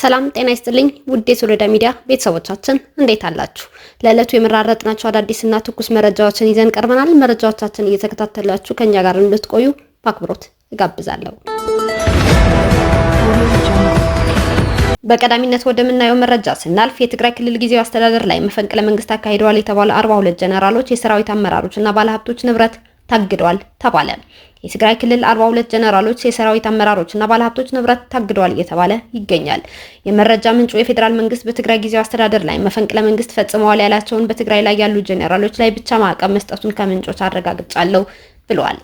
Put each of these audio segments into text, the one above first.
ሰላም ጤና ይስጥልኝ ውድ የሶሎዳ ሚዲያ ቤተሰቦቻችን እንዴት አላችሁ? ለዕለቱ የመራረጥናቸው አዳዲስና ትኩስ መረጃዎችን ይዘን ቀርበናል። መረጃዎቻችን እየተከታተላችሁ ከእኛ ጋር እንድትቆዩ በአክብሮት እጋብዛለሁ። በቀዳሚነት ወደምናየው መረጃ ስናልፍ የትግራይ ክልል ጊዜያዊ አስተዳደር ላይ መፈንቅለ መንግስት አካሂደዋል የተባሉ 42 ጀነራሎች፣ የሰራዊት አመራሮች እና ባለሀብቶች ንብረት ታግደዋል ተባለ። የትግራይ ክልል 42 ጀነራሎች፣ የሰራዊት አመራሮችና ባለሀብቶች ንብረት ታግደዋል እየተባለ ይገኛል። የመረጃ ምንጩ የፌዴራል መንግስት በትግራይ ጊዜ አስተዳደር ላይ መፈንቅለ መንግስት ፈጽመዋል ያላቸውን በትግራይ ላይ ያሉ ጀኔራሎች ላይ ብቻ ማዕቀብ መስጠቱን ከምንጮች አረጋግጫለሁ ብለዋል።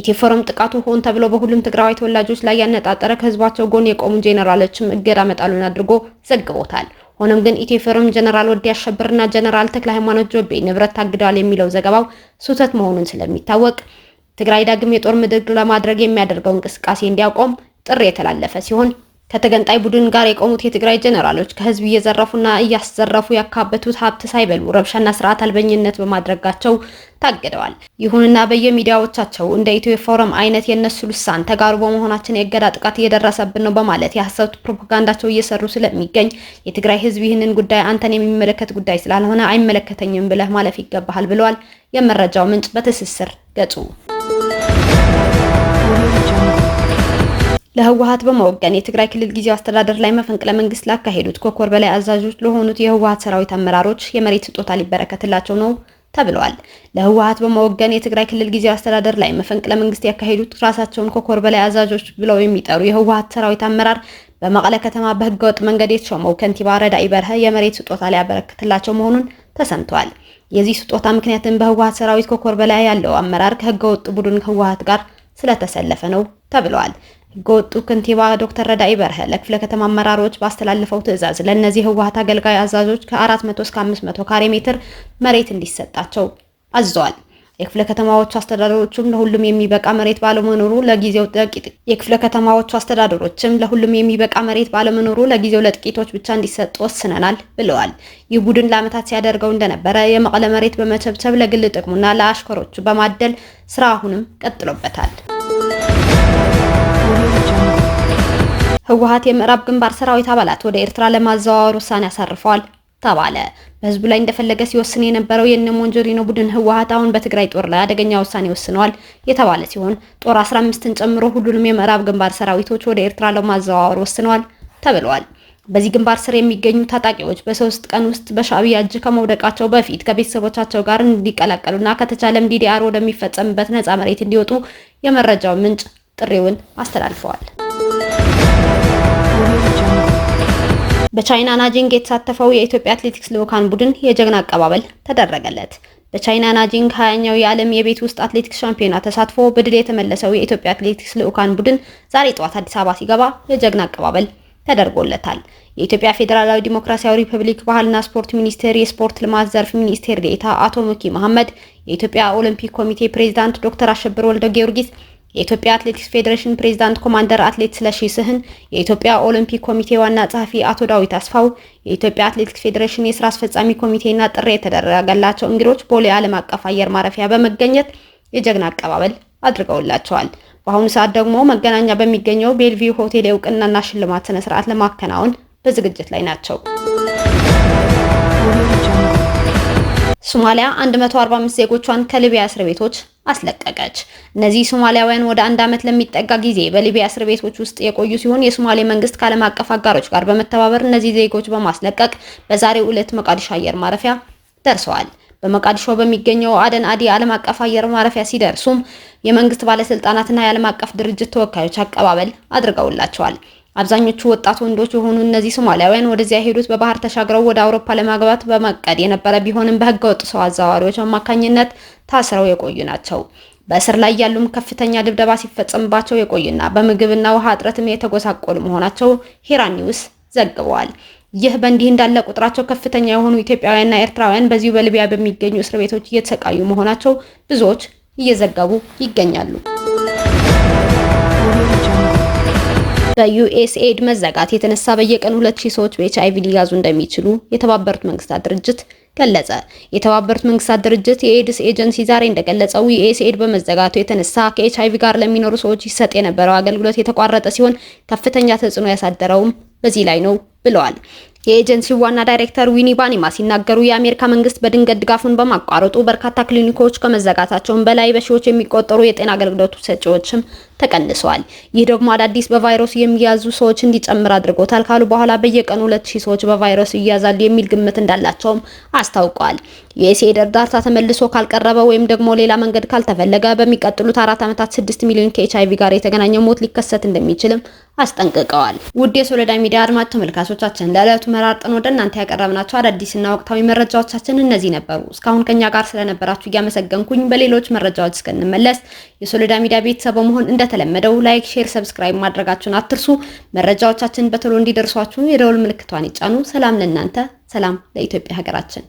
ኢትዮፎረም ጥቃቱ ሆን ተብሎ በሁሉም ትግራዊ ተወላጆች ላይ ያነጣጠረ ከህዝባቸው ጎን የቆሙ ጄኔራሎችም እገዳ መጣሉን አድርጎ ዘግቦታል። ሆኖም ግን ኢትዮፎረም ጀነራል ወዲ አሸብርና ጀነራል ተክለ ሃይማኖት ጆቤ ንብረት ታግደዋል የሚለው ዘገባው ስህተት መሆኑን ስለሚታወቅ ትግራይ ዳግም የጦር ምድር ለማድረግ የሚያደርገው እንቅስቃሴ እንዲያቆም ጥሪ የተላለፈ ሲሆን ከተገንጣይ ቡድን ጋር የቆሙት የትግራይ ጀነራሎች ከህዝብ እየዘረፉና እያስዘረፉ ያካበቱት ሀብት ሳይበሉ ረብሻና ስርዓት አልበኝነት በማድረጋቸው ታግደዋል። ይሁንና በየሚዲያዎቻቸው እንደ ኢትዮ ፎረም አይነት የእነሱ ልሳን ተጋሩ በመሆናችን የእገዳ ጥቃት እየደረሰብን ነው በማለት የሀሰብት ፕሮፓጋንዳቸው እየሰሩ ስለሚገኝ የትግራይ ህዝብ ይህንን ጉዳይ አንተን የሚመለከት ጉዳይ ስላልሆነ አይመለከተኝም ብለህ ማለፍ ይገባሃል ብለዋል የመረጃው ምንጭ በትስስር ገጹ። ለህወሀት በመወገን የትግራይ ክልል ጊዜው አስተዳደር ላይ መፈንቅለ መንግስት ላካሄዱት ኮኮር በላይ አዛዦች ለሆኑት የህወሀት ሰራዊት አመራሮች የመሬት ስጦታ ሊበረከትላቸው ነው ተብለዋል። ለህወሀት በመወገን የትግራይ ክልል ጊዜው አስተዳደር ላይ መፈንቅለ መንግስት ያካሄዱት ራሳቸውን ኮኮር በላይ አዛዦች ብለው የሚጠሩ የህወሀት ሰራዊት አመራር በመቀለ ከተማ በህገወጥ መንገድ የተሾመው ከንቲባ ረዳኢ በርሀ የመሬት ስጦታ ሊያበረክትላቸው መሆኑን ተሰምተዋል። የዚህ ስጦታ ምክንያትም በህወሀት ሰራዊት ኮኮር በላይ ያለው አመራር ከህገወጥ ቡድን ህወሀት ጋር ስለተሰለፈ ነው ተብለዋል። ህገወጡ ከንቲባ ዶክተር ረዳኢ በርሀ ለክፍለ ከተማ አመራሮች ባስተላለፈው ትዕዛዝ ለእነዚህ ህወሀት አገልጋይ አዛዦች ከ400 እስከ 500 ካሬ ሜትር መሬት እንዲሰጣቸው አዘዋል። የክፍለ ከተማዎቹ አስተዳደሮችም ለሁሉም የሚበቃ መሬት ባለመኖሩ ለጊዜው ጥቂት የክፍለ ከተማዎቹ አስተዳደሮችም ለሁሉም የሚበቃ መሬት ባለመኖሩ ለጊዜው ለጥቂቶች ብቻ እንዲሰጥ ወስነናል ብለዋል። ይህ ቡድን ለዓመታት ሲያደርገው እንደነበረ የመቀለ መሬት በመቸብቸብ ለግል ጥቅሙና ለአሽከሮቹ በማደል ስራ አሁንም ቀጥሎበታል። ህወሀት የምዕራብ ግንባር ሰራዊት አባላት ወደ ኤርትራ ለማዘዋወር ውሳኔ አሳርፈዋል። ተባለ። በህዝቡ ላይ እንደፈለገ ሲወስን የነበረው የነ ሞንጆሪኖ ቡድን ህወሀት አሁን በትግራይ ጦር ላይ አደገኛ ውሳኔ ወስነዋል የተባለ ሲሆን ጦር 15ን ጨምሮ ሁሉንም የምዕራብ ግንባር ሰራዊቶች ወደ ኤርትራ ለማዘዋወር ወስነዋል ተብለዋል። በዚህ ግንባር ስር የሚገኙ ታጣቂዎች በሶስት ቀን ውስጥ በሻዕቢያ እጅ ከመውደቃቸው በፊት ከቤተሰቦቻቸው ጋር እንዲቀላቀሉና ከተቻለም ዲዲአር ወደሚፈጸምበት ነፃ መሬት እንዲወጡ የመረጃው ምንጭ ጥሪውን አስተላልፈዋል። በቻይና ናጂንግ የተሳተፈው የኢትዮጵያ አትሌቲክስ ልዑካን ቡድን የጀግና አቀባበል ተደረገለት። በቻይና ናጂንግ ሀያኛው የዓለም የቤት ውስጥ አትሌቲክስ ሻምፒዮና ተሳትፎ በድል የተመለሰው የኢትዮጵያ አትሌቲክስ ልዑካን ቡድን ዛሬ ጠዋት አዲስ አበባ ሲገባ የጀግና አቀባበል ተደርጎለታል። የኢትዮጵያ ፌዴራላዊ ዲሞክራሲያዊ ሪፐብሊክ ባህልና ስፖርት ሚኒስቴር የስፖርት ልማት ዘርፍ ሚኒስቴር ዴኤታ አቶ ሙኪ መሐመድ፣ የኢትዮጵያ ኦሎምፒክ ኮሚቴ ፕሬዚዳንት ዶክተር አሸብር ወልደ ጊዮርጊስ የኢትዮጵያ አትሌቲክስ ፌዴሬሽን ፕሬዝዳንት ኮማንደር አትሌት ስለሺ ስህን፣ የኢትዮጵያ ኦሎምፒክ ኮሚቴ ዋና ጸሐፊ አቶ ዳዊት አስፋው፣ የኢትዮጵያ አትሌቲክስ ፌዴሬሽን የስራ አስፈጻሚ ኮሚቴና ጥሪ የተደረገላቸው እንግዶች ቦሌ ዓለም አቀፍ አየር ማረፊያ በመገኘት የጀግና አቀባበል አድርገውላቸዋል። በአሁኑ ሰዓት ደግሞ መገናኛ በሚገኘው ቤልቪው ሆቴል የእውቅናና ሽልማት ስነ ስርዓት ለማከናወን በዝግጅት ላይ ናቸው። ሶማሊያ 145 ዜጎቿን ከሊቢያ እስር ቤቶች አስለቀቀች። እነዚህ ሶማሊያውያን ወደ አንድ ዓመት ለሚጠጋ ጊዜ በሊቢያ እስር ቤቶች ውስጥ የቆዩ ሲሆን የሶማሌ መንግስት ከዓለም አቀፍ አጋሮች ጋር በመተባበር እነዚህ ዜጎች በማስለቀቅ በዛሬው ዕለት መቃዲሾ አየር ማረፊያ ደርሰዋል። በመቃዲሾ በሚገኘው አደን አዲ ዓለም አቀፍ አየር ማረፊያ ሲደርሱም የመንግስት ባለስልጣናትና የዓለም አቀፍ ድርጅት ተወካዮች አቀባበል አድርገውላቸዋል። አብዛኞቹ ወጣት ወንዶች የሆኑ እነዚህ ሶማሊያውያን ወደዚያ ሄዱት በባህር ተሻግረው ወደ አውሮፓ ለማግባት በመቀድ የነበረ ቢሆንም በህገወጥ ሰው አዘዋዋሪዎች አማካኝነት ታስረው የቆዩ ናቸው። በእስር ላይ ያሉም ከፍተኛ ድብደባ ሲፈጸምባቸው የቆዩና በምግብና ውሃ እጥረትም የተጎሳቆሉ መሆናቸው ሂራ ኒውስ ዘግበዋል። ይህ በእንዲህ እንዳለ ቁጥራቸው ከፍተኛ የሆኑ ኢትዮጵያውያንና ኤርትራውያን በዚሁ በሊቢያ በሚገኙ እስር ቤቶች እየተሰቃዩ መሆናቸው ብዙዎች እየዘገቡ ይገኛሉ። በዩኤስኤድ መዘጋት የተነሳ በየቀን 2000 ሰዎች በኤችአይቪ ሊያዙ እንደሚችሉ የተባበሩት መንግስታት ድርጅት ገለጸ። የተባበሩት መንግስታት ድርጅት የኤድስ ኤጀንሲ ዛሬ እንደገለጸው ዩኤስኤድ በመዘጋቱ የተነሳ ከኤችአይቪ ጋር ለሚኖሩ ሰዎች ይሰጥ የነበረው አገልግሎት የተቋረጠ ሲሆን ከፍተኛ ተጽዕኖ ያሳደረውም በዚህ ላይ ነው ብለዋል። የኤጀንሲው ዋና ዳይሬክተር ዊኒ ባኒማ ሲናገሩ የአሜሪካ መንግስት በድንገት ድጋፉን በማቋረጡ በርካታ ክሊኒኮች ከመዘጋታቸውን በላይ በሺዎች የሚቆጠሩ የጤና አገልግሎቱ ሰጪዎችም ተቀንሰዋል። ይህ ደግሞ አዳዲስ በቫይረሱ የሚያዙ ሰዎች እንዲጨምር አድርጎታል ካሉ በኋላ በየቀኑ 2000 ሰዎች በቫይረሱ ይያዛሉ የሚል ግምት እንዳላቸውም አስታውቋል። የዩኤስኤድ እርዳታ ተመልሶ ካልቀረበ ወይም ደግሞ ሌላ መንገድ ካልተፈለገ በሚቀጥሉት አራት ዓመታት 6 ሚሊዮን አይቪ ጋር የተገናኘ ሞት ሊከሰት እንደሚችልም አስጠንቅቀዋል። ውድ የሶለዳ ሚዲያ አድማጭ ተመልካቾቻችን ለዕለቱ መራርጠን ወደ እናንተ ያቀረብናቸው አዳዲስና ወቅታዊ መረጃዎቻችን እነዚህ ነበሩ። እስካሁን ከኛ ጋር ስለነበራችሁ እያመሰገንኩኝ በሌሎች መረጃዎች እስክንመለስ የሶለዳ ሚዲያ ቤተሰብ በመሆን እንደተለመደው ላይክ፣ ሼር፣ ሰብስክራይብ ማድረጋችሁን አትርሱ። መረጃዎቻችን በቶሎ እንዲደርሷችሁ የደውል ምልክቷን ይጫኑ። ሰላም ለእናንተ፣ ሰላም ለኢትዮጵያ ሀገራችን።